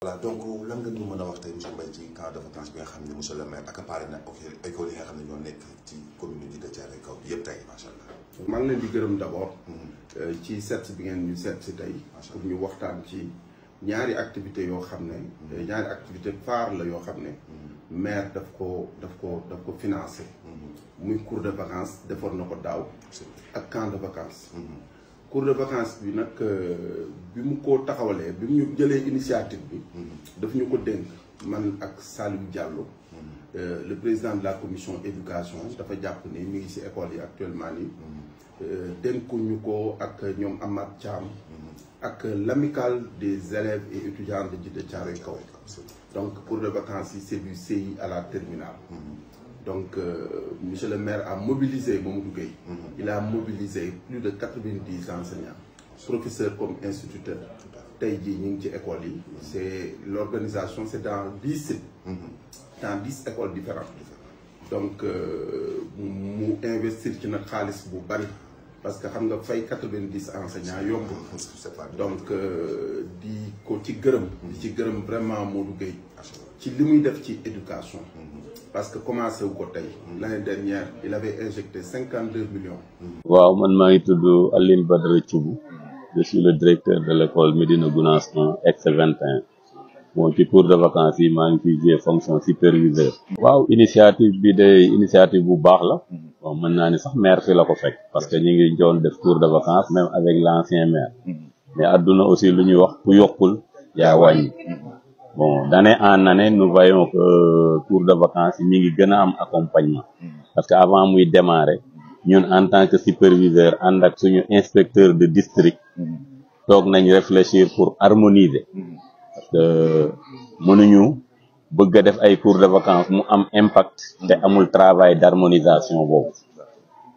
voilà donc lan nga ñu mën a wax tey monsieur Mbaye ci camp de vacances bi nga xam ne monsieur le maire ak pare na école yi nga xam ne ñoo nekk ci commune bi de Thiaroye Kaw yëpp tey macha leen di gërëm d' abord. Mm-hmm. Euh, ci seet bi ngeen ñu seet si tey. pour ñu waxtaan ci ñaari activité yoo xam ne. Mm-hmm. Euh, ñaari activité phare la yoo xam ne. Mm-hmm. maire daf ko daf ko daf ko financé. muy cours de vacances defoon na ko daaw. ak camp de vacances. cours de vacances bi nag euh, bi mu ko taxawalee bi mu ñu jëlee initiative bi mm-hmm. daf ñu ko dénk man ak Saliou Diallo mm-hmm. euh, le président de la commission éducation dafa jàpp ni mi ngi ci école yi actuellement nii mm-hmm. euh, dénkuñu ko ak ñoom Amath Thiam ak l'amicale des élèves et étudiants de Djiddah Thiaroye Kaw donc cours de vacances yi c'est du CI à la terminale Donc, euh, Monsieur le maire a mobilisé Mamoudou Gueye. Mm -hmm. Il a mobilisé plus de 90 enseignants, professeurs comme instituteurs. tey jii ñu ngi ci école yi. est l' organisation est dans dix sites. Mhm. dans dix écoles différentes. donc euh, mu investir ci nag xaalis bu bari parce que xam nga fay quatre-vingt-dix enseignants yomb. donc euh, di ko ci gërëm. di ci gërëm vraiment Modou Gueye. ci li muy def ci éducation. Mhm. parce que commencé wu ko tey cinquante deux waaw man maa ngi tudd Aline Badara Thioub je suis le directeur de l' école Médina Gounass 1 ex moo bon ci cours de vacances yi maa ngi fi jiyee fonction superviseur. waaw initiative bi de initiative bu baax la. bon mën naa ni sax maire fi la ko fekk. parce que ñu ngi doon def cours de vacances même avec l' ancien maire. mais adduna aussi lu ñuy wax ku yokkul yaa wàññi. bon d'année en année nous voyons que cours euh, de vacances yi mi ngi gën a am accompagnement mm-hmm. parce que avant muy démarrer ñun en tant que superviseur ànd ak suñu inspecteur de district mm-hmm. toog nañ réfléchir pour harmoniser mm-hmm. parce que mënuñu bëgg a def ay cours de vacances mu am impact te amul travail d'harmonisation boobu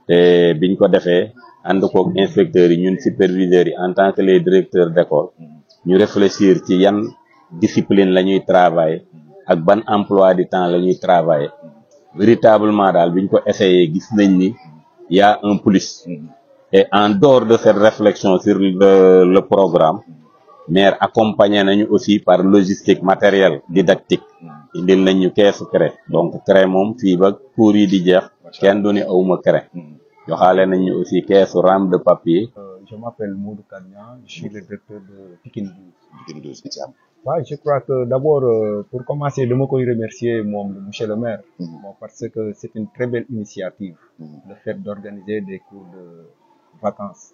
te biñ ko defee ànd koog inspecteurs yi ñun superviseurs yi en tant que les directeurs d'école ñu réfléchir ci yan discipline la ñuy travailler ak ban emploi du temps la ñuy travailler véritablement daal biñ ko essayé gis nañ ni y a un plus et en dehors de cette réflexion sur le, le programme maire accompagné nañu aussi par logistique matériel didactique indil nañ ñu keesu craie donc craie moom fii ba cours yi di jeex kenn du ne awuma craie hmm. joxaale nañ ñu aussi keesu rame de papier. Euh, je m'appelle Modou Kagnan waa je crois que d'abord uh, pour commencer dama koy remercier moom monsieur le maire. moom parce que c'est une très belle initiative. le mhm. fait d'organiser des cours de vacances.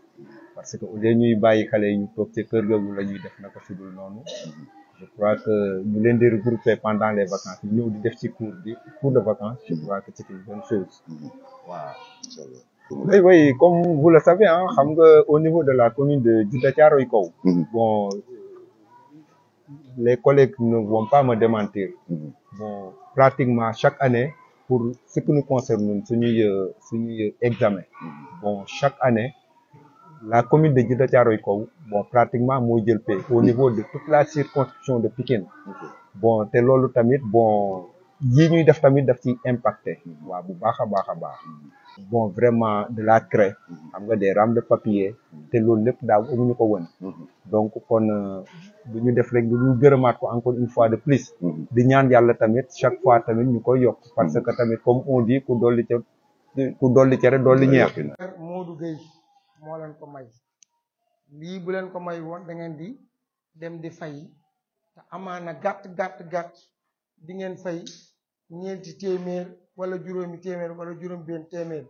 parce que au lieu ñuy bàyyi xale yi ñu toog kër googu la ñuy def na ko sudul noonu. je crois que ñu leen di regrouper pendant les vacances ñu ñëw di def ci cours bi cours de vacances. je mhm. crois que c'est une bonne chose. Mhm. waaw. Oui, oui, comme au niveau de la commune de Djouda Kaw, bon, les collègues ne vont pas me démentir. Mm-hmm. pratiquement chaque année pour ce qui nous concerne ñun suñuy euh, suñuy euh, examen. Mm-hmm. bon chaque année la commune de Djiddah Thiaroye Kaw bon pratiquement moo jël paie au niveau de toute la circonscription de Pikine. bon te loolu tamit bon yii ñuy def tamit daf ciy impacté. Mm-hmm. waa bu baax a baax a baax. bon vraiment de la craie mm-hmm. am nga des rames de papier mm-hmm. te loolu lépp daaw amuñu ko woon mm-hmm. donc kon euh, bu ñu def rek lu dul gërëmaat ko encore une fois de plus di ñaan yàlla tamit chaque fois tamit ñu koy yokk parce que tamit comme on dit ku dolli ca ku dolli cere dolli ñeex Modou moo leen ko may lii bu leen ko may woon da ngeen di dem di fay te amaana gàtt gàtt gàtt di ngeen fay ñeenti téeméer wala juróomi téeméer wala juróom benn téeméer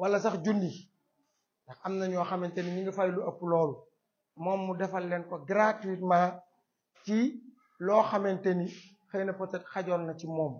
wala sax junni ndax am na ñoo xamante ni ñu ngi fay lu ëpp loolu moom mu defal leen ko gratuitement ci loo xamante ni xëy na peut-être xajoon na ci moom